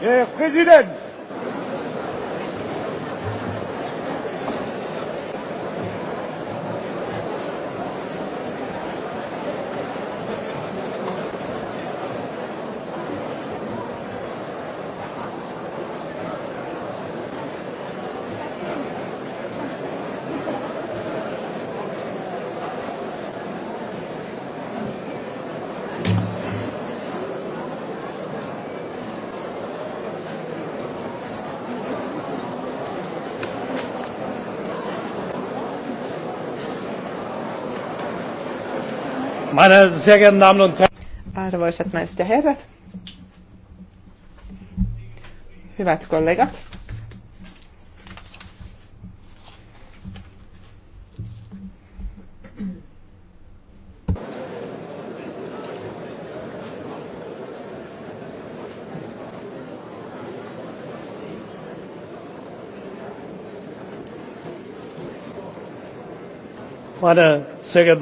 Herr eh, Präsident! Meine sehr geehrten Damen und Herren. Arvoisat naiset ja herrat. Hyvät kollegat. Meine sehr geehrten